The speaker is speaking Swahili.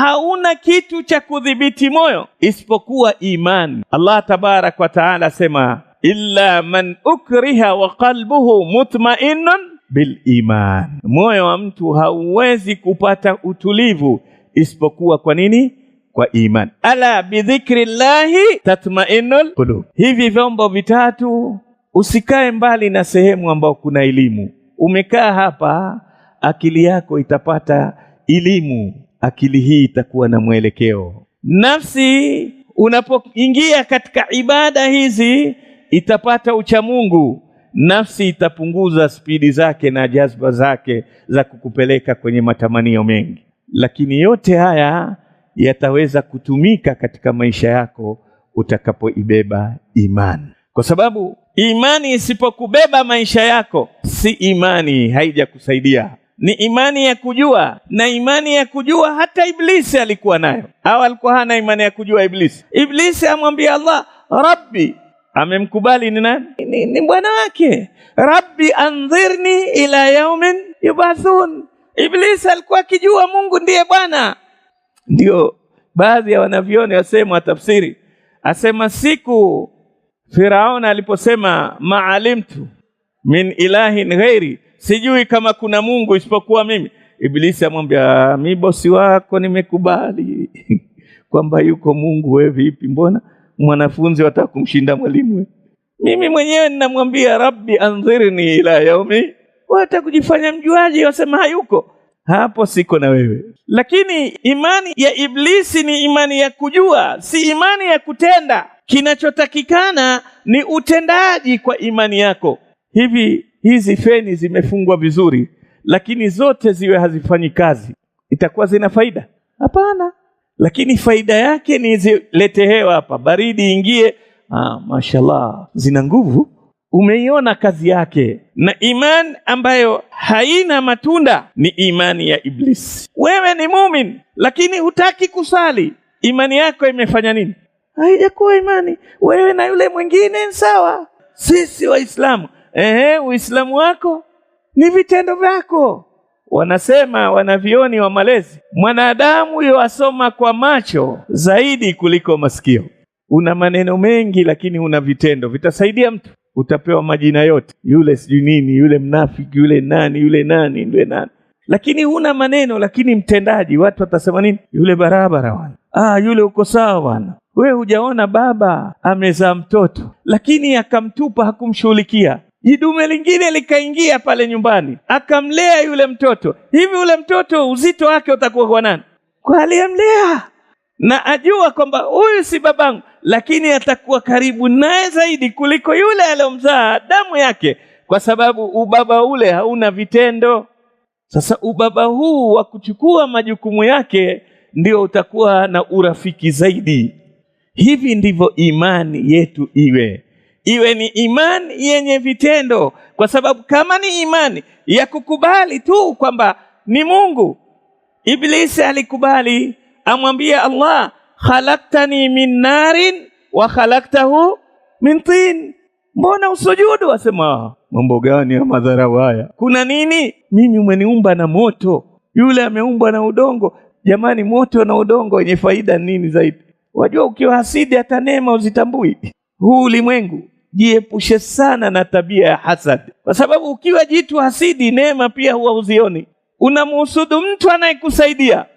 hauna kitu cha kudhibiti moyo isipokuwa imani. Allah tabarak wa taala asema illa man ukriha wa qalbuhu mutma'innun bil iman, moyo wa mtu hauwezi kupata utulivu isipokuwa kwa nini? Kwa imani. Ala bidhikri llahi tatma'innul qulub. Hivi vyombo vitatu, usikae mbali na sehemu ambayo kuna elimu. Umekaa hapa, akili yako itapata elimu akili hii itakuwa na mwelekeo. Nafsi unapoingia katika ibada hizi itapata uchamungu, nafsi itapunguza spidi zake na jazba zake za kukupeleka kwenye matamanio mengi, lakini yote haya yataweza kutumika katika maisha yako utakapoibeba imani, kwa sababu imani isipokubeba maisha yako, si imani, haijakusaidia ni imani ya kujua, na imani ya kujua hata Iblisi alikuwa nayo, au alikuwa hana imani ya kujua? Iblisi, Iblisi amwambia Allah rabbi, amemkubali ni nani? Ni, ni bwana wake. Rabbi andhirni ila yaumin yubathun. Iblisi alikuwa akijua Mungu ndiye Bwana. Ndio baadhi ya wanavyoni wasema wa tafsiri asema siku Firauna aliposema maalimtu min ilahin ghairi sijui kama kuna Mungu isipokuwa mimi. Ibilisi amwambia mi bosi wako nimekubali kwamba yuko Mungu. We vipi, mbona mwanafunzi wataka kumshinda mwalimu? mimi mwenyewe ninamwambia Rabbi andhirni ila yaumi, wata kujifanya mjuaji, wasema hayuko hapo, siko na wewe. Lakini imani ya Iblisi ni imani ya kujua, si imani ya kutenda. Kinachotakikana ni utendaji kwa imani yako. Hivi hizi feni zimefungwa vizuri, lakini zote ziwe hazifanyi kazi, itakuwa zina faida? Hapana. Lakini faida yake ni zilete hewa hapa, baridi ingie. Ah, mashallah, zina nguvu. Umeiona kazi yake. Na imani ambayo haina matunda ni imani ya Iblisi. Wewe ni mumin, lakini hutaki kusali, imani yako imefanya nini? Haijakuwa imani. Wewe na yule mwingine ni sawa. Sisi Waislamu Ehe, Uislamu wako ni vitendo vyako. Wanasema wanavioni wa malezi, mwanadamu yoasoma kwa macho zaidi kuliko masikio. Una maneno mengi, lakini una vitendo. Vitasaidia mtu? Utapewa majina yote, yule sijui nini, yule mnafiki, yule nani, yule nani, yule nani, lakini huna maneno. Lakini mtendaji, watu watasema nini? Yule barabara wana, ah, yule uko sawa bwana wewe hujaona baba amezaa mtoto, lakini akamtupa, hakumshughulikia. Jidume lingine likaingia pale nyumbani, akamlea yule mtoto. Hivi ule mtoto uzito wake utakuwa kwa nani? Kwa aliyemlea, na ajua kwamba huyu si babangu, lakini atakuwa karibu naye zaidi kuliko yule aliyomzaa damu yake, kwa sababu ubaba ule hauna vitendo. Sasa ubaba huu wa kuchukua majukumu yake ndio utakuwa na urafiki zaidi. Hivi ndivyo imani yetu iwe iwe ni imani yenye vitendo, kwa sababu kama ni imani ya kukubali tu kwamba ni Mungu. Iblisi alikubali, amwambia Allah, khalaktani min narin wa khalaktahu min tin, mbona usujudu? Asema ah, mambo gani ya madharau haya? Kuna nini? Mimi umeniumba na moto, yule ameumbwa na udongo. Jamani, moto na udongo wenye faida nini zaidi? Wajua, ukiwa hasidi hata neema uzitambui huu ulimwengu, jiepushe sana na tabia ya hasadi, kwa sababu ukiwa jitu hasidi, neema pia huwa uzioni Unamhusudu mtu anayekusaidia